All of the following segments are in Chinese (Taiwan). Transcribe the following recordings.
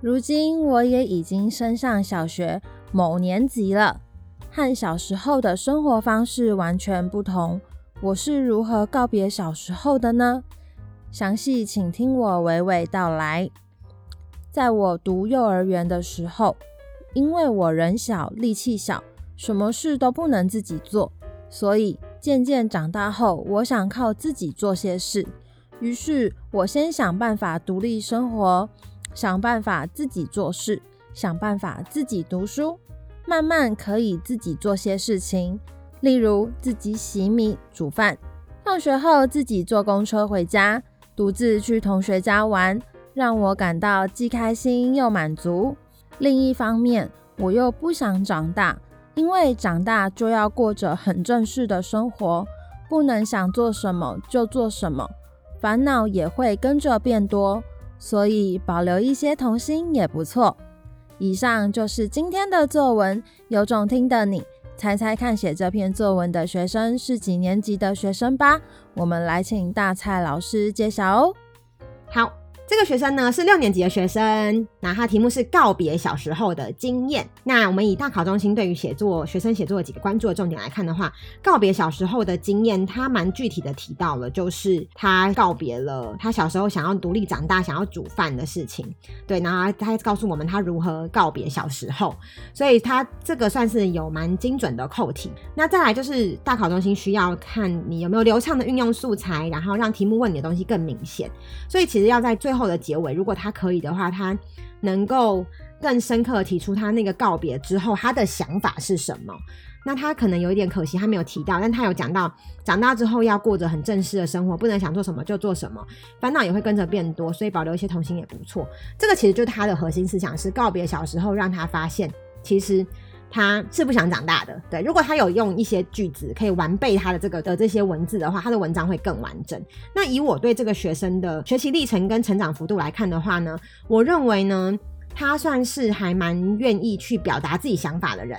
如今我也已經升上小學某年級了，和小時候的生活方式完全不同。我是如何告別小時候的呢？詳細請聽我娓娓道來。在我讀幼兒園的時候，因為我人小、力氣小，什麼事都不能自己做，所以漸漸長大後，我想靠自己做些事。於是，我先想辦法獨立生活。想辦法自己做事，想辦法自己讀書，慢慢可以自己做些事情，例如自己洗米煮飯，放學後自己坐公車回家，獨自去同學家玩，讓我感到既開心又滿足。另一方面，我又不想長大，因為長大就要過着很正式的生活，不能想做什麼就做什麼，煩惱也會跟着變多。所以保留一些童心也不錯。以上就是今天的作文。有種聽的你，猜猜看，寫這篇作文的學生是幾年級的學生吧？我們來請大蔡老師介紹哦。好，這個學生呢是六年級的學生。那它題目是告別小時候的經驗。那我們以大考中心對於寫作學生寫作的幾個關注的重點來看的話，告別小時候的經驗，它蠻具體的提到了，就是他告別了他小時候想要獨立長大、想要煮飯的事情。對，然後他還告訴我們他如何告別小時候，所以他這個算是有蠻精準的扣題。那再來就是大考中心需要看你有沒有流暢的運用素材，然後讓題目問你的東西更明顯。所以其實要在最後的結尾，如果他可以的話，他。能夠更深刻的提出他那個告別之後他的想法是什麼？那他可能有一點可惜，他沒有提到，但他有講到長大之後要過着很正式的生活，不能想做什麼就做什麼，煩惱也會跟着變多，所以保留一些童心也不錯。這個其實就是他的核心思想是告別小時候，讓他發現其實。他是不想長大的，對。如果他有用一些句子可以完備他的這個的這些文字的話，他的文章會更完整。那以我對這個學生的學習歷程跟成長幅度來看的話呢，我認為呢，他算是還蠻願意去表達自己想法的人，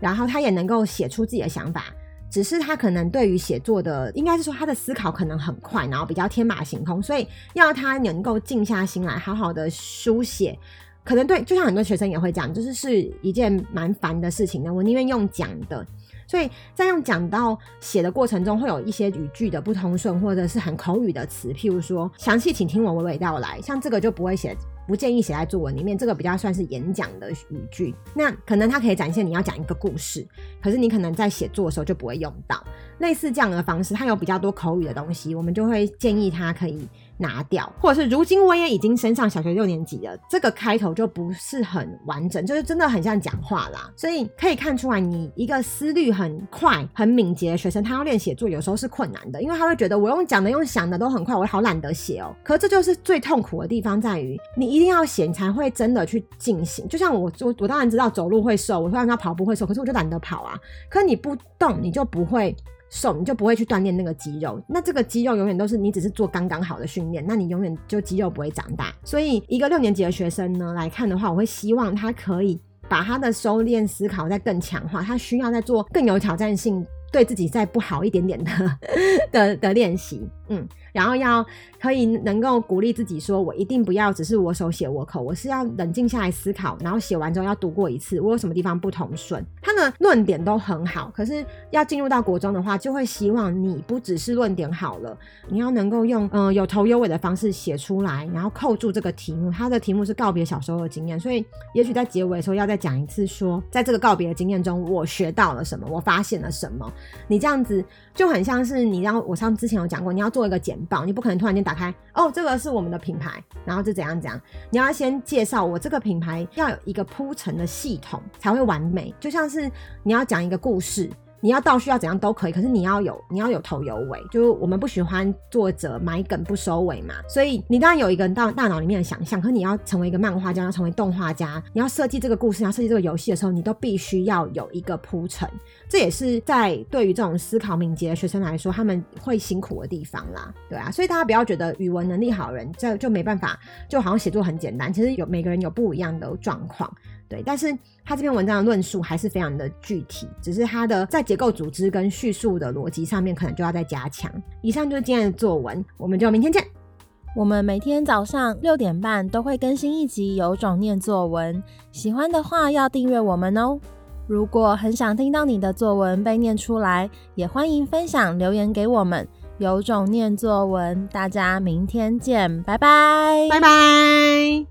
然後他也能夠寫出自己的想法，只是他可能對於寫作的，應該是說他的思考可能很快，然後比較天馬行空，所以要他能夠靜下心來，好好的書寫。可能對，就像很多學生也會講，就是是一件蠻煩的事情呢。我寧願用講的，所以在用講到寫的過程中，會有一些語句的不通順，或者是很口語的詞，譬如說“詳細請聽我娓娓道來”，像這個就不會寫，不建議寫在作文裡面。這個比較算是演講的語句，那可能它可以展現你要講一個故事，可是你可能在寫作的時候就不會用到。類似這樣的方式，它有比較多口語的東西，我們就會建議它可以。拿掉，或者是如今我也已經升上小學六年級了，這個開頭就不是很完整，就是真的很像講話啦。所以可以看出來，你一個思慮很快、很敏捷的學生，他要練寫作有時候是困難的，因為他會覺得我用講的、用想的都很快，我好懶得寫哦、喔。可這就是最痛苦的地方，在於你一定要寫你才會真的去進行。就像我，我我當然知道走路會瘦，我會讓他跑步會瘦，可是我就懶得跑啊。可是你不動，你就不會。瘦，你就不會去鍛鍊那個肌肉，那這個肌肉永遠都是你只是做剛剛好的訓練，那你永遠就肌肉不會長大。所以一個六年級的學生呢，來看的話，我會希望他可以把他的收斂思考再更強化，他需要再做更有挑戰性，對自己再不好一點點的的的練習，嗯，然後要可以能夠鼓勵自己說，我一定不要只是我手寫我口，我是要冷靜下來思考，然後寫完之後要讀過一次，我有什麼地方不同順？他的論點都很好，可是要進入到國中的話，就會希望你不只是論點好了，你要能夠用嗯、呃、有頭有尾的方式寫出來，然後扣住這個題目。他的題目是告別小時候的經驗，所以也許在結尾的時候要再講一次說，說在這個告別的經驗中，我學到了什麼，我發現了什麼。你這樣子就很像是你要我上之前有講過，你要做一個簡報，你不可能突然間打開哦，這個是我們的品牌，然後是怎樣怎樣，你要先介紹我這個品牌，要有一個鋪陳的系統才會完美，就像是你要講一個故事。你要倒敘，要怎樣都可以，可是你要有你要有頭有尾，就我們不喜歡作者埋梗不收尾嘛。所以你當然有一個人大腦裡面的想象，可是你要成為一個漫畫家，要成為動畫家，你要設計這個故事，要設計這個遊戲的時候，你都必須要有一個鋪陳。這也是在對於這種思考敏捷的學生來說，他們會辛苦的地方啦。對啊，所以大家不要覺得語文能力好的人就就沒辦法，就好像寫作很簡單，其實有每個人有不一樣的狀況。對，但是他這篇文章的論述還是非常的具體，只是他的在結構組織跟敘述的邏輯上面，可能就要再加強。以上就是今天的作文，我們就明天見。我們每天早上六點半都會更新一集《有種念作文》，喜歡的話要訂閱我們哦。如果很想聽到你的作文被念出來，也歡迎分享留言給我們。《有種念作文》，大家明天見，拜拜，拜拜。